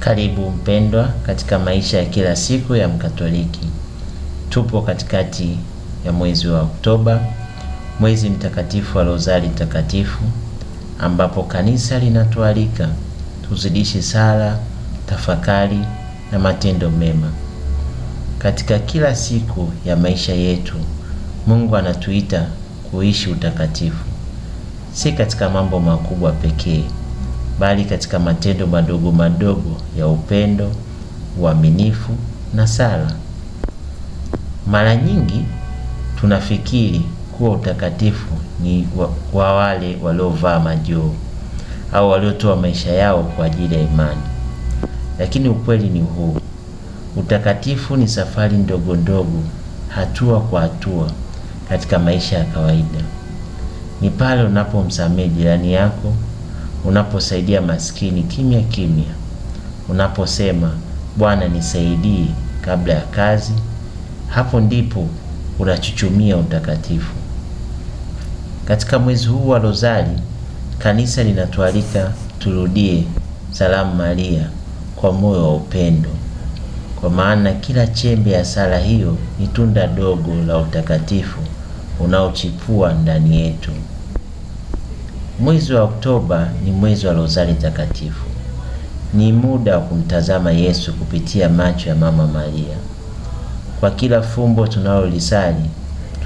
Karibu mpendwa, katika maisha ya kila siku ya Mkatoliki. Tupo katikati ya mwezi wa Oktoba, mwezi mtakatifu wa Rozari Takatifu, ambapo kanisa linatualika tuzidishe sala, tafakari na matendo mema. Katika kila siku ya maisha yetu, Mungu anatuita kuishi utakatifu, si katika mambo makubwa pekee bali katika matendo madogo madogo ya upendo, uaminifu na sala. Mara nyingi tunafikiri kuwa utakatifu ni wa, wa wale waliovaa majoo au waliotoa maisha yao kwa ajili ya imani, lakini ukweli ni huu: utakatifu ni safari ndogo ndogo, hatua kwa hatua, katika maisha ya kawaida. Ni pale unapomsamehe jirani yako unaposaidia maskini kimya kimya, unaposema Bwana nisaidie kabla ya kazi, hapo ndipo unachuchumia utakatifu. Katika mwezi huu wa Rozari, kanisa linatualika turudie salamu Maria kwa moyo wa upendo, kwa maana kila chembe ya sala hiyo ni tunda dogo la utakatifu unaochipua ndani yetu. Mwezi wa Oktoba ni mwezi wa Rozari Takatifu. Ni muda wa kumtazama Yesu kupitia macho ya Mama Maria. Kwa kila fumbo tunalolisali,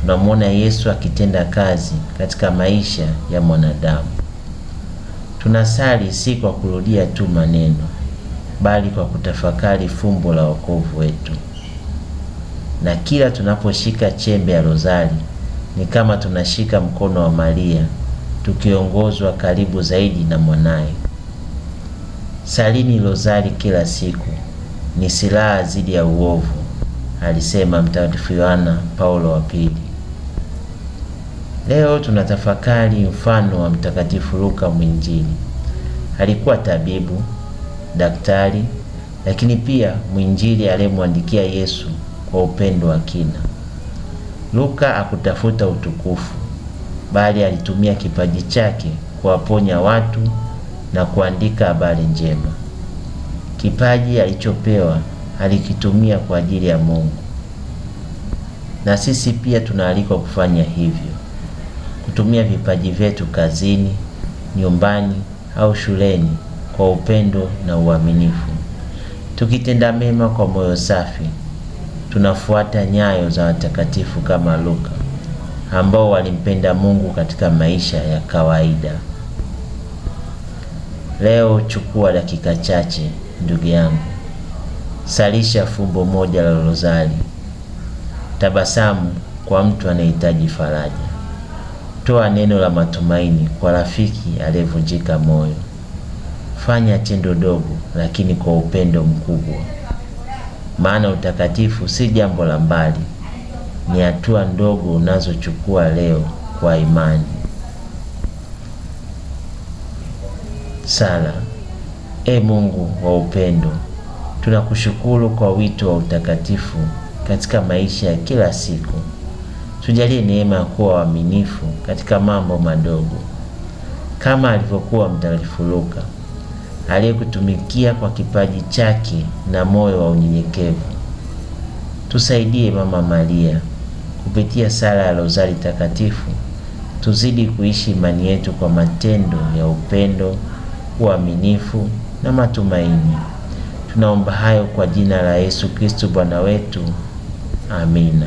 tunamwona Yesu akitenda kazi katika maisha ya mwanadamu. Tunasali si kwa kurudia tu maneno, bali kwa kutafakari fumbo la wokovu wetu, na kila tunaposhika chembe ya Rozari ni kama tunashika mkono wa Maria tukiongozwa karibu zaidi na mwanaye. Salini rozari kila siku, ni silaha dhidi ya uovu, alisema Mtakatifu Yohana Paulo wa Pili. Leo tunatafakari mfano wa Mtakatifu Luka Mwinjili. Alikuwa tabibu, daktari, lakini pia mwinjili aliyemwandikia Yesu kwa upendo wa kina. Luka akutafuta utukufu bali alitumia kipaji chake kuwaponya watu na kuandika habari njema. Kipaji alichopewa alikitumia kwa ajili ya Mungu, na sisi pia tunaalikwa kufanya hivyo, kutumia vipaji vyetu kazini, nyumbani au shuleni kwa upendo na uaminifu. Tukitenda mema kwa moyo safi, tunafuata nyayo za watakatifu kama Luka ambao walimpenda Mungu katika maisha ya kawaida. Leo chukua dakika chache, ndugu yangu, salisha fumbo moja la rozari, tabasamu kwa mtu anayehitaji faraja, toa neno la matumaini kwa rafiki aliyevunjika moyo. Fanya tendo dogo lakini kwa upendo mkubwa, maana utakatifu si jambo la mbali ni hatua ndogo unazochukua leo kwa imani. Sala. E Mungu wa upendo, tunakushukuru kwa wito wa utakatifu katika maisha ya kila siku. Tujalie neema ya kuwa waaminifu katika mambo madogo, kama alivyokuwa Mtakatifu Luka aliyekutumikia kwa kipaji chake na moyo wa unyenyekevu. Tusaidie Mama Maria Kupitia sala ya Rozari Takatifu tuzidi kuishi imani yetu kwa matendo ya upendo, uaminifu na matumaini. Tunaomba hayo kwa jina la Yesu Kristo Bwana wetu. Amina.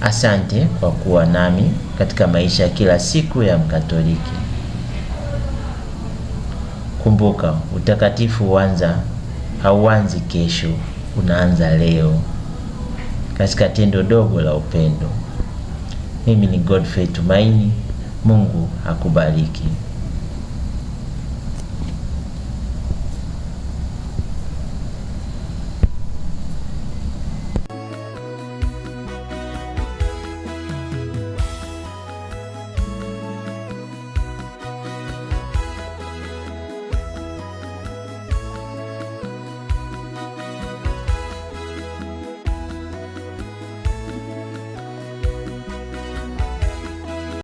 Asante kwa kuwa nami katika maisha ya kila siku ya Mkatoliki. Kumbuka, utakatifu huanza hauanzi kesho, unaanza leo katika tendo dogo la upendo. Mimi ni Godfrey Tumaini. Mungu akubariki.